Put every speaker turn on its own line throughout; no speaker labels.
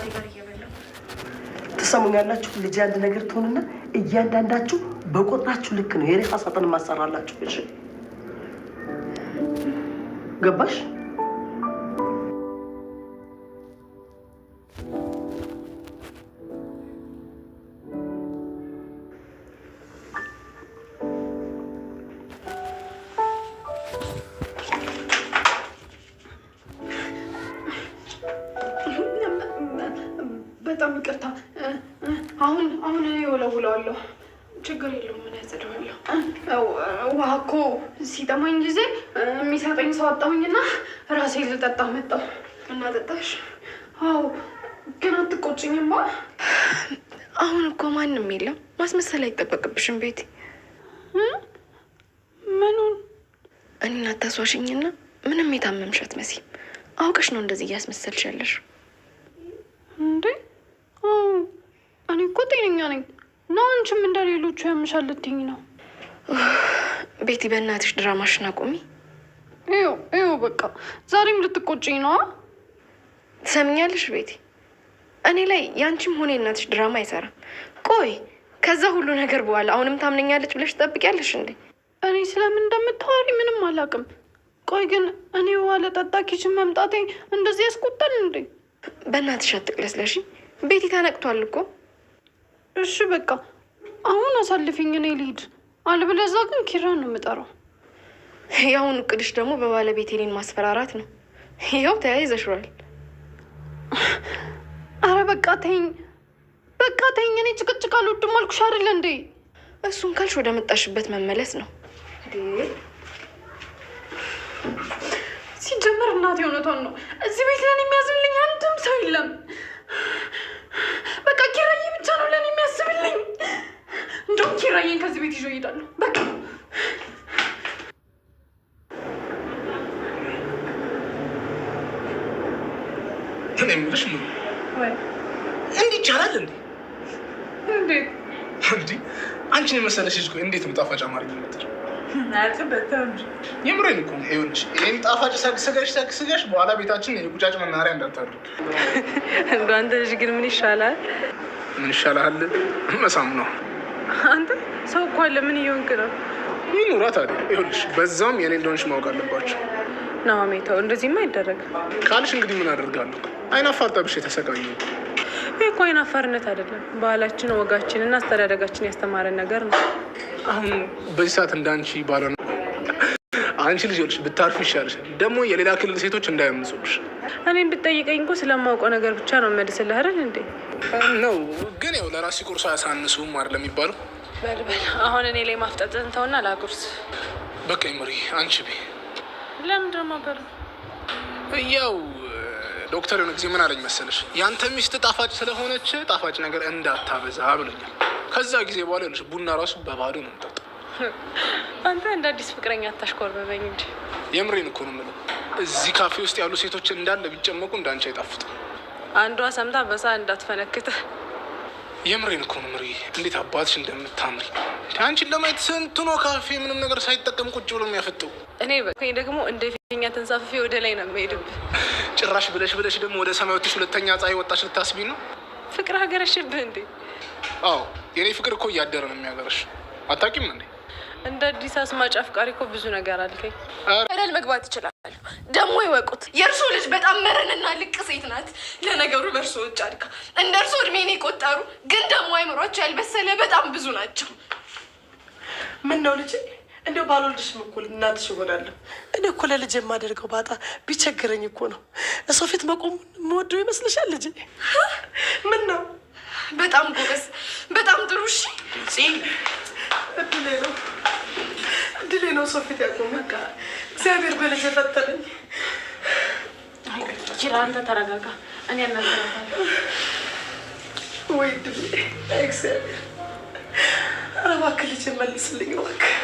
ከእናቴ ጋር እየበላሁ
ትሰሙኛላችሁ። ልጅ አንድ ነገር ትሆንና እያንዳንዳችሁ በቆጥራችሁ ልክ ነው የሬሳ ሳጥን ማሰራላችሁ። እሺ ገባሽ?
እደውላለሁ። ችግር የለውም። ምን ያጸደዋለሁ። ውሃ እኮ ሲጠማኝ ጊዜ የሚሰጠኝ ሰው አጣሁኝና ራሴ ልጠጣ መጣሁ። እናጠጣሽ? አዎ፣ ግን አትቆጭኝማ። አሁን እኮ ማንም የለም። ማስመሰል አይጠበቅብሽም ቤቲ። ምኑን? እኔን አታሷሽኝና ምንም የታመምሽ አትመስይም። አውቀሽ ነው እንደዚህ እያስመሰልሽ ያለሽ እንዴ? እኔ እኮ ጤነኛ ነኝ። እና አንቺም እንደ ሌሎቹ ያምሻል ልትይኝ ነው? ቤቲ በእናትሽ ድራማሽን አቁሚ። ይኸው ይኸው በቃ ዛሬም ልትቆጭኝ ነዋ። ትሰምኛለሽ ቤቲ፣ እኔ ላይ የአንቺም ሆነ የእናትሽ ድራማ አይሰራም። ቆይ ከዛ ሁሉ ነገር በኋላ አሁንም ታምነኛለች ብለሽ ትጠብቂያለሽ እንዴ? እኔ ስለምን እንደምታወሪ ምንም አላውቅም። ቆይ ግን እኔ ውሃ ለጠጣ ኪችን መምጣቴ እንደዚህ ያስቆጣል እንዴ? በእናትሽ አትቅለስለሽ ቤቲ፣ ተነቅቷል እኮ እሺ በቃ አሁን አሳልፊኝ፣ እኔ ልሂድ። አልበለዚያ ግን ኪራን ነው የምጠራው። ያሁን እቅድሽ ደግሞ በባለቤት እኔን ማስፈራራት ነው። ይኸው ተያይዘሽዋል። አረ በቃ ተይኝ፣ በቃ ተይኝ። እኔ ጭቅጭቅ አልወድም አልኩሽ አይደለ እንዴ? እሱን ካልሽ ወደ መጣሽበት መመለስ ነው። ሲጀመር እናቴ እውነቷን ነው። እዚህ ቤት ለን የሚያዝንልኝ አንድም ሰው የለም። እንደውም ኪራዬን ከዚህ ቤት ይዞ እሄዳለሁ። በቃ
እኔ የምልሽ እንዲህ ይቻላል እንዴ? እንዴት እንዴ? አንቺን የመሰለሽ ልጅ እንዴት የምሬን እኮ ነው። ይኸውልሽ ይህን ጣፋጭ በኋላ ቤታችን የቁጫጭ መናኸሪያ እንዳታደርግ።
አንተ ልጅ ግን ምን ይሻላል?
ምን ይሻላል መሳም ነው
አንተ ሰው እኮ አለ። ምን እየሆንክ ነው?
ይኑራ ታዲያ። ይኸውልሽ በዛም የኔ እንደሆንሽ ማወቅ አለባቸው።
ናሜ ተው፣ እንደዚህማ አይደረግም
ካልሽ እንግዲህ ምን አደርጋለሁ? አይናፋር ጠብሽ የተሰቃኘ
ይህ እኮ አይናፋርነት አይደለም። ባህላችን፣ ወጋችን እና አስተዳደጋችን ያስተማረን ነገር ነው።
አሁን በዚህ ሰዓት እንዳንቺ ባለ አንቺ ልጅ ልሽ ብታርፍ ይሻልሽ። ደግሞ የሌላ ክልል ሴቶች እንዳያምጹብሽ።
እኔም ብጠይቀኝ እኮ ስለማውቀው ነገር ብቻ ነው መልስልህ አይደል እንዴ?
ነው ግን ያው ለራሲ ቁርሶ አያሳንሱም አይደል የሚባለው።
በልበል አሁን እኔ ላይ ማፍጠጥን ተውና ላቁርስ።
በቃ ይመሪ አንቺ ቤ
ለምንድን ነው ማበሉ?
ያው ዶክተር የሆነ ጊዜ ምን አለኝ መሰለሽ፣ ያንተ ሚስት ጣፋጭ ስለሆነች ጣፋጭ ነገር እንዳታበዛ ብሎኛል። ከዛ ጊዜ በኋላ ቡና ራሱ በባዶ ነው
አንተ እንደ አዲስ ፍቅረኛ አታሽኮርበበኝ እንጂ
የምሬን እኮ ነው የምለው። እዚህ ካፌ ውስጥ ያሉ ሴቶች እንዳለ ቢጨመቁ እንዳንቺ አይጣፍጥም።
አንዷ ሰምታ በሳ እንዳትፈነክተ።
የምሬን እኮ ነው ምሪ። እንዴት አባትሽ እንደምታምሪ አንቺን ለማየት ነው ካፌ ምንም ነገር ሳይጠቀም ቁጭ ብሎ የሚያፈጠው።
እኔ በቃ ደግሞ እንደ ፊኛ ተንሳፍፌ ወደ ላይ ነው የምሄድብህ።
ጭራሽ ብለሽ ብለሽ ደግሞ ወደ ሰማይ ወጥተሽ ሁለተኛ ፀሐይ ወጣሽ ልታስቢ ነው።
ፍቅር ሀገረሽብህ እንዴ?
አዎ የእኔ ፍቅር እኮ እያደረ ነው የሚያገረሽ። አታውቂም እንዴ?
እንደ አዲስ አስማጭ አፍቃሪ እኮ ብዙ ነገር አልከኝ። ረል መግባት ይችላል። ደግሞ ይወቁት፣ የእርሶ ልጅ በጣም መረንና ልቅ ሴት ናት። ለነገሩ በእርሶ ውጭ አድካ እንደ እርሶ እድሜን የቆጠሩ ግን ደግሞ አይምሯቸው ያልበሰለ በጣም ብዙ ናቸው። ምን ነው ልጅ እንደ ባልወልድሽም እኮ እናትሽ እሆናለሁ። እኔ እኮ ለልጅ የማደርገው ባጣ ቢቸግረኝ እኮ ነው እሰው ፊት መቆም የምወደው ይመስልሻል? ልጅ ምን ነው በጣም ጎበዝ፣ በጣም ጥሩ። እሺ እድሌ ነው እድሌ ነው ሰው ፊት ያቆመ እግዚአብሔር በልጅ የፈጠረኝ። ኪራ አንተ ተረጋጋ፣ እኔ አናገራታለሁ። ወይ እድሌ እግዚአብሔር! ኧረ እባክህ ልጅ መልስልኝ እባክህ።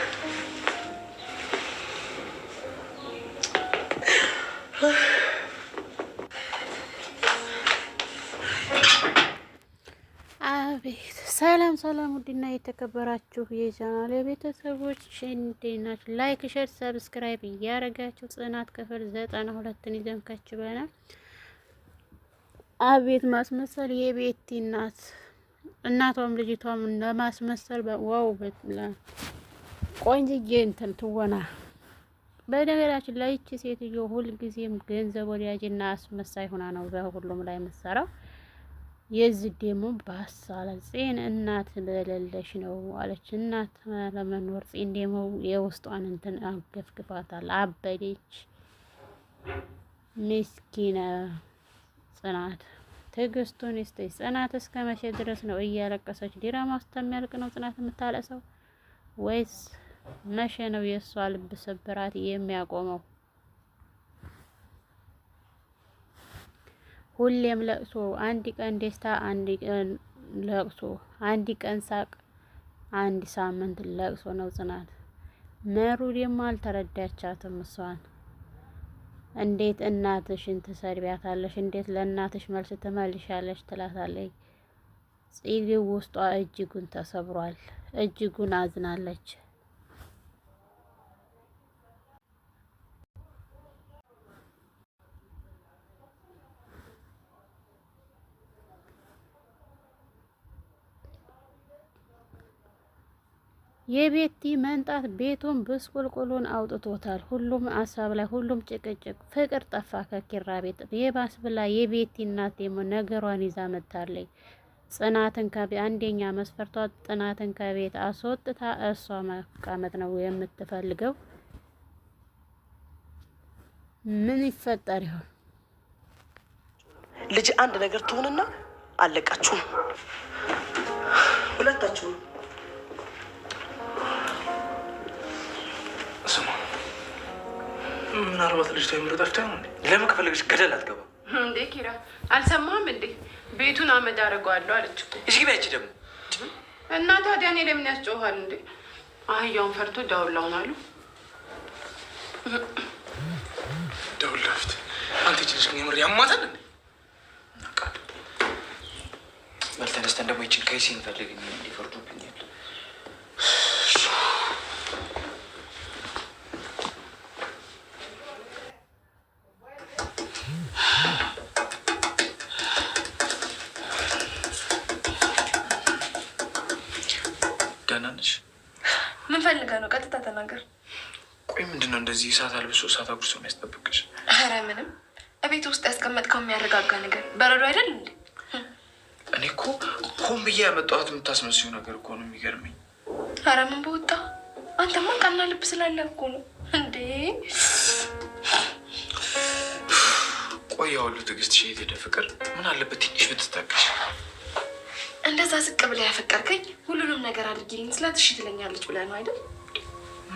ቤት ሰላም ሰላም፣ ውድና የተከበራችሁ የቻናል የቤተሰቦች እንዴናችሁ? ላይክ፣ ሸር፣ ሰብስክራይብ እያደረጋችሁ ጽናት ክፍል ዘጠና ሁለትን ይዘን ከች ብለናል። አቤት ማስመሰል የቤቲ እናት እናቷም ልጅቷም ለማስመሰል ዋው ቆንጅዬ እንትን ትወና። በነገራችን ላይ ይቺ ሴትዮ ሁልጊዜም ገንዘብ ወዳጅና አስመሳይ ሆና ነው በሁሉም ላይ የምትሰራው የዚህ ደግሞ ባሳለ ጽን እናት በሌለሽ ነው አለች። እናት ለመኖር ጽን ደግሞ የውስጧን እንትን አገፍግፋታል። አበደች ምስኪነ ጽናት ትዕግስቱን ይስጥሽ ጽናት። እስከ መቼ ድረስ ነው እያለቀሰች ዲራማ እስከሚያልቅ ነው ጽናት የምታለቅሰው? ወይስ መቼ ነው የእሷ ልብ ስብራት የሚያቆመው? ሁሌም ለቅሶ፣ አንድ ቀን ደስታ፣ አንድ ቀን ለቅሶ፣ አንድ ቀን ሳቅ፣ አንድ ሳምንት ለቅሶ ነው ጽናት። መሩ ደግሞ አልተረዳቻትም እሷን። እንዴት እናትሽን ትሰድቢያታለሽ? እንዴት ለእናትሽ መልስ ትመልሻለሽ? ትላታለች። ጽጌ ውስጧ እጅጉን ተሰብሯል። እጅጉን አዝናለች። የቤቲ መንጣት ቤቱን ብስቁልቁሉን አውጥቶታል። ሁሉም አሳብ ላይ ሁሉም ጭቅጭቅ፣ ፍቅር ጠፋ ከኪራ ቤት። የባስ ብላ የቤቲ እናት ደግሞ ነገሯን ይዛ መታለኝ። ጽናትን ከቤት አንደኛ መስፈርቷ ጽናትን ከቤት አስወጥታ እሷ መቀመጥ ነው የምትፈልገው። ምን ይፈጠር ይሆን?
ልጅ አንድ ነገር ትሆንና አለቃችሁም ምናልባት ልጅቷ የምር ጠፍታ ነው። ለምን ከፈለገች ገደል አትገባ
እንዴ? ኪራ አልሰማም እንዴ? ቤቱን አመድ አደርገዋለሁ አለች። እሺ ግቢያች ደግሞ እና ታዲያ እኔ ለምን ያስጮኋል እንዴ? አህያውን ፈርቶ ዳውላውን አሉ
ደውል ላፍት አንተ ይቺ ልጅ የምር ያማታል እንዴ? በል ተነስተን ደግሞ ይችን ከይሲ እንፈልግ እንዲፈርዱብኛል ተናገር። ቆይ ምንድነው እንደዚህ እሳት አልብሶ እሳት አጉርሶ የሚያስጠብቅሽ?
አረ ምንም እቤት ውስጥ ያስቀመጥከው የሚያረጋጋ ነገር በረዶ አይደል እንዴ?
እኔ እኮ ሆን ብዬ ያመጣኋት የምታስመስዩ ነገር እኮ ነው የሚገርመኝ።
አረ ምን በወጣ አንተማ ቀና ልብ ስላለ እኮ ነው እንዴ።
ቆይ ያ ትዕግስት ሸሄት ሄደ ፍቅር ምን አለበት ትንሽ ብትታገሽ።
እንደዛ ዝቅ ብላ ያፈቀርከኝ ሁሉንም ነገር አድርጊልኝ ስላት እሺ ትለኛለች ብለህ ነው አይደል?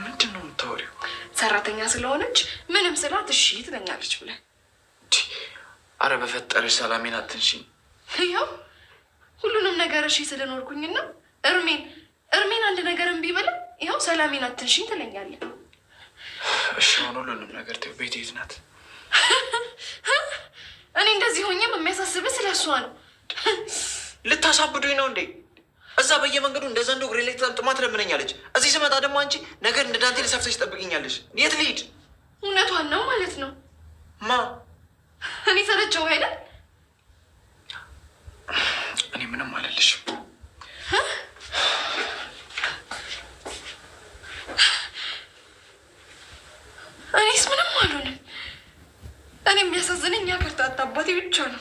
ምንድን ነው የምታወሪው?
ሰራተኛ ስለሆነች ምንም ስላት እሺ ትለኛለች ብለ
አረ በፈጠረሽ ሰላሜን አትንሽኝ።
ያው ሁሉንም ነገር እሺ ስለኖርኩኝና እርሜን እርሜን አንድ ነገር እምቢ ብለህ ይኸው ሰላሜን አትንሽኝ ትለኛለ።
እሺ አሁን ሁሉንም ነገር ተይው። ቤት የት ናት?
እኔ እንደዚህ ሆኜም የሚያሳስብህ ስለሷ ነው።
ልታሳብዱኝ ነው እንዴ? እዛ በየመንገዱ እንደ ዘንዶ እግሬ ላይ ተጠምጥማ ትለምነኛለች። እዚህ ስመጣ ደግሞ አንቺ ነገር እንደ ዳንቴል ሰፍተሽ ትጠብቅኛለች። የት ልሂድ?
እውነቷን ነው ማለት ነው። ማ እኔ ሰለቸው አይደል?
እኔ ምንም አለልሽ።
እኔስ ምንም አልሆንም። እኔ የሚያሳዝነኝ ከርታታ አባቴ ብቻ ነው።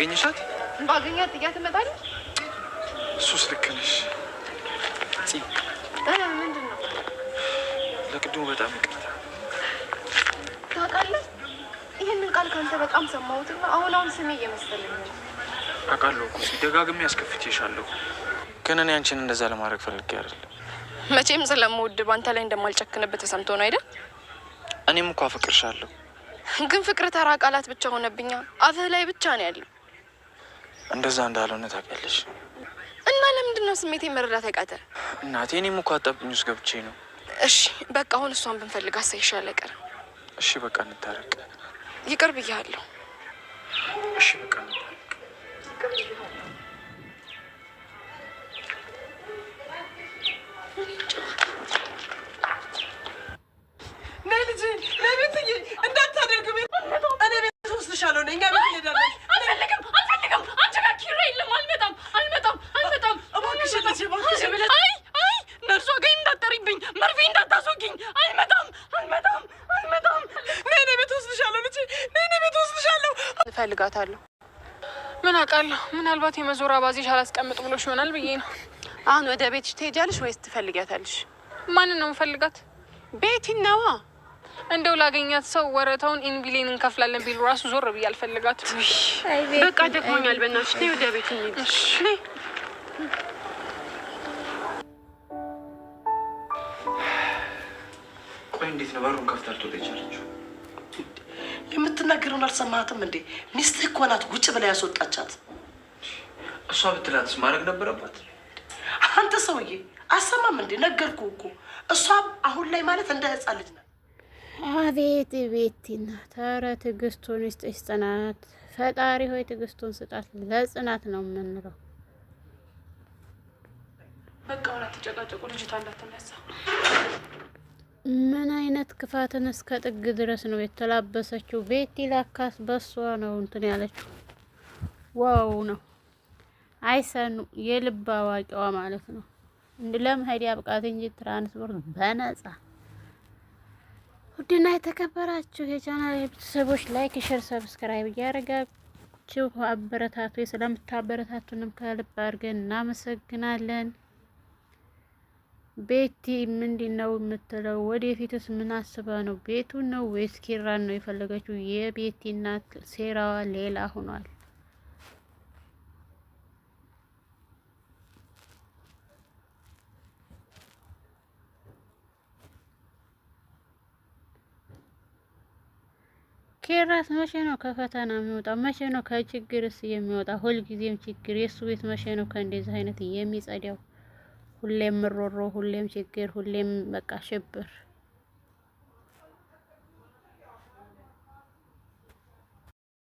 ባገኘሻት ባገኛት ጥያት መጣል።
እሱስ ልክ ነሽ። ምንድን ነው ለቅድሙ በጣም ይቅርታ።
ታውቃለህ ይህንን ቃል ካንተ በጣም ነው። አሁን አሁን ስሜ እየመሰለኝ ነው።
አውቃለሁ እኮ ደጋግሜ ያስከፍቼሻለሁ፣ ግን እኔ አንቺን እንደዛ ለማድረግ ፈልጌ አይደለም።
መቼም ስለምወድ በአንተ ላይ እንደማልጨክንበት ተሰምቶ ነው አይደል?
እኔም እኮ አፈቅርሻለሁ፣
ግን ፍቅር ተራ ቃላት ብቻ ሆነብኛ። አፍህ ላይ ብቻ ነው ያለው።
እንደዛ እንዳልሆነ ታውቂያለሽ።
እና ለምንድን ነው ስሜቴ መረዳት ያቃተ?
እናቴ እኔም እኮ አጣብቂኝ ውስጥ ገብቼ ነው።
እሺ በቃ አሁን እሷን ብንፈልግ አሳይሻል አይቀርም።
እሺ በቃ እንታረቅ።
ይቅር ብያለሁ።
እሺ በቃ እንታረቅ።
እፈልጋታለሁ። ምን አውቃለሁ፣ ምናልባት የመዞር አባዜሽ አላስቀምጥ ብሎሽ ይሆናል ብዬ ነው። አሁን ወደ ቤትሽ ትሄጃለሽ ወይስ ትፈልጊያታለሽ? ማንን ነው የምፈልጋት? ቤቲን ነዋ። እንደው ላገኛት ሰው ወረታውን ኢንቢሌን እንከፍላለን ቢሉ ራሱ ዞር ብዬ አልፈልጋት። በቃ ደክሞኛል፣ በእናትሽ ነይ ወደ ቤት እንሂድ።
ቆይ እንዴት ነው በሩን ከፍታል ትወጣ ይቻለችው?
የምትናገረውን አልሰማትም እንዴ? ሚስትህ እኮ ናት ውጭ ብላ ያስወጣቻት።
እሷ ብትላትስ ማድረግ ነበረባት።
አንተ ሰውዬ አሰማም እንዴ? ነገርኩ እኮ እሷ አሁን ላይ ማለት እንደ ሕፃን ልጅ ናት።
አቤት ቤቲና፣ ናት። ኧረ ትዕግስቱን ይስጥሽ ጽናት። ፈጣሪ ሆይ ትዕግስቱን ስጣት። ለጽናት ነው የምንለው።
በቃ ሁላ ተጨቃጨቁ። ልጅቷ እንዳትነሳ
ምን አይነት ክፋትን እስከ ጥግ ድረስ ነው የተላበሰችው? ቤቲ ላካስ በሷ ነው እንትን ያለችው። ዋው ነው አይሰኑ የልብ አዋቂዋ ማለት ነው። እንድ ለመሄድ ያብቃት እንጂ ትራንስፖርት በነጻ ውድና የተከበራችሁ የቻናል ቤተሰቦች ላይክ፣ ሼር፣ ሰብስክራይብ እያደረጋችሁ አበረታቱ። ስለምታበረታቱንም ከልብ አድርገን እናመሰግናለን። ቤቲ ምንድን ነው የምትለው? ወደፊትስ ምን አስባ ነው? ቤቱን ነው ወይስ ኪራን ነው የፈለገችው? የቤቲ እናት ሴራዋ ሌላ ሆኗል። ኬራስ መቼ ነው ከፈተና የሚወጣው? መቼ ነው ከችግርስ የሚወጣ? ሁልጊዜም ችግር የእሱ ቤት መቼ ነው ከእንደዚህ አይነት የሚጸዳው? ሁሌም ምሮሮ፣ ሁሌም ችግር፣ ሁሌም በቃ ሽብር